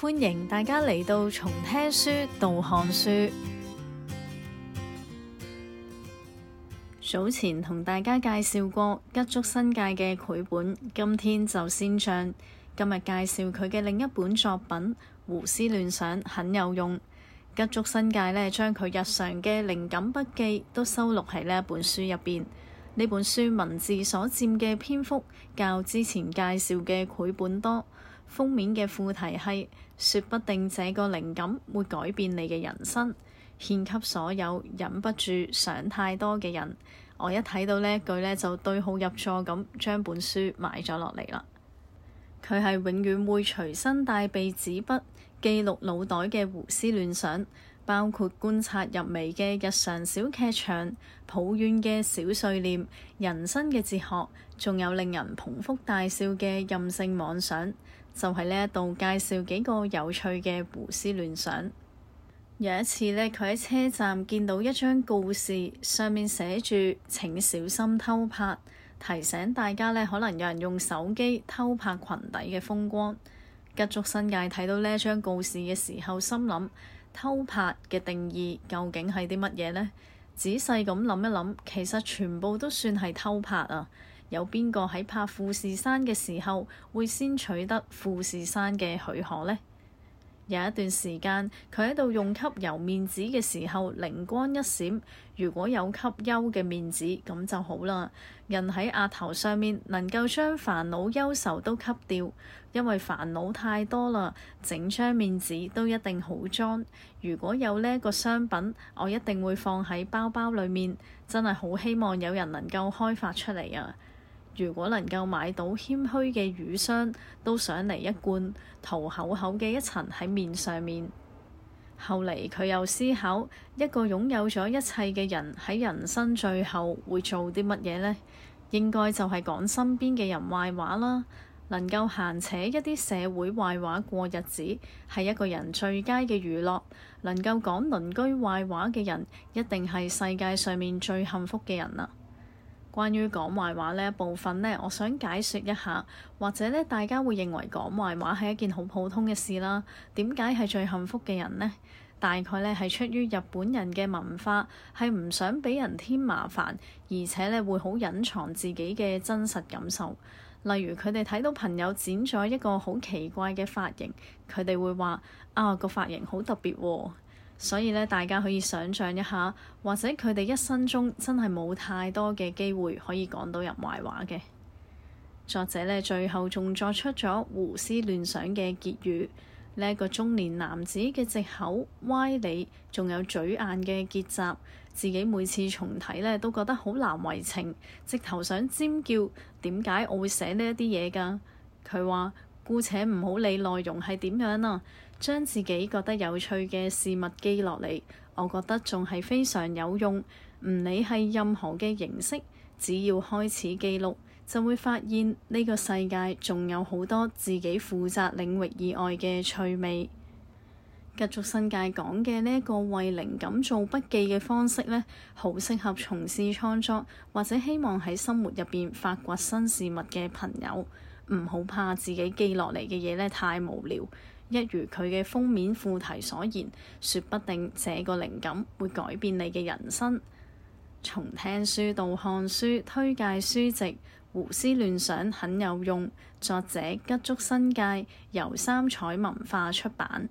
歡迎大家嚟到從聽書到看書。早前同大家介紹過吉竹新界嘅繪本，今天就先將今日介紹佢嘅另一本作品《胡思亂想》，很有用。吉竹新界呢將佢日常嘅靈感筆記都收錄喺呢一本書入邊。呢本書文字所佔嘅篇幅較之前介紹嘅繪本多。封面嘅副題係：說不定這個靈感會改變你嘅人生，獻給所有忍不住想太多嘅人。我一睇到呢句呢，就對號入座咁，將本書買咗落嚟啦。佢係永遠會隨身帶備紙筆，記錄腦袋嘅胡思亂想，包括觀察入微嘅日常小劇場、抱怨嘅小碎念、人生嘅哲學，仲有令人捧腹大笑嘅任性妄想。就喺呢一度介紹幾個有趣嘅胡思亂想。有一次呢，佢喺車站見到一張告示，上面寫住請小心偷拍，提醒大家呢，可能有人用手機偷拍裙底嘅風光。吉竹伸介睇到呢一張告示嘅時候，心諗：「偷拍嘅定義究竟係啲乜嘢呢？」仔細咁諗一諗，其實全部都算係偷拍啊！有邊個喺拍富士山嘅時候會先取得富士山嘅許可呢？有一段時間佢喺度用吸油面紙嘅時候靈光一閃，如果有吸憂嘅面紙咁就好啦。人喺額頭上面能夠將煩惱憂愁都吸掉，因為煩惱太多啦，整張面紙都一定好髒。如果有呢個商品，我一定會放喺包包裡面。真係好希望有人能夠開發出嚟啊！如果能夠買到謙虛嘅乳霜，都想嚟一罐塗厚厚嘅一層喺面上面。後嚟佢又思考一個擁有咗一切嘅人喺人生最後會做啲乜嘢呢？應該就係講身邊嘅人壞話啦。能夠閒扯一啲社會壞話過日子，係一個人最佳嘅娛樂。能夠講鄰居壞話嘅人，一定係世界上面最幸福嘅人啦。關於講壞話呢部分呢，我想解説一下，或者呢大家會認為講壞話係一件好普通嘅事啦。點解係最幸福嘅人呢？大概呢係出於日本人嘅文化，係唔想俾人添麻煩，而且呢會好隱藏自己嘅真實感受。例如佢哋睇到朋友剪咗一個好奇怪嘅髮型，佢哋會話：啊、這個髮型好特別喎、哦！所以咧，大家可以想象一下，或者佢哋一生中真係冇太多嘅機會可以講到人壞話嘅。作者呢，最後仲作出咗胡思亂想嘅結語。呢一個中年男子嘅藉口歪理，仲有嘴硬嘅結集，自己每次重睇呢，都覺得好難為情，直頭想尖叫。點解我會寫呢一啲嘢㗎？佢話，姑且唔好理內容係點樣啊。」將自己覺得有趣嘅事物記落嚟，我覺得仲係非常有用。唔理係任何嘅形式，只要開始記錄，就會發現呢個世界仲有好多自己負責領域以外嘅趣味。繼續新界講嘅呢一個為靈感做筆記嘅方式，呢好適合從事創作，或者希望喺生活入邊發掘新事物嘅朋友。唔好怕自己記落嚟嘅嘢，呢太無聊。一如佢嘅封面副題所言，說不定這個靈感會改變你嘅人生。從聽書到看書，推介書籍，胡思亂想很有用。作者吉竹新介，由三彩文化出版。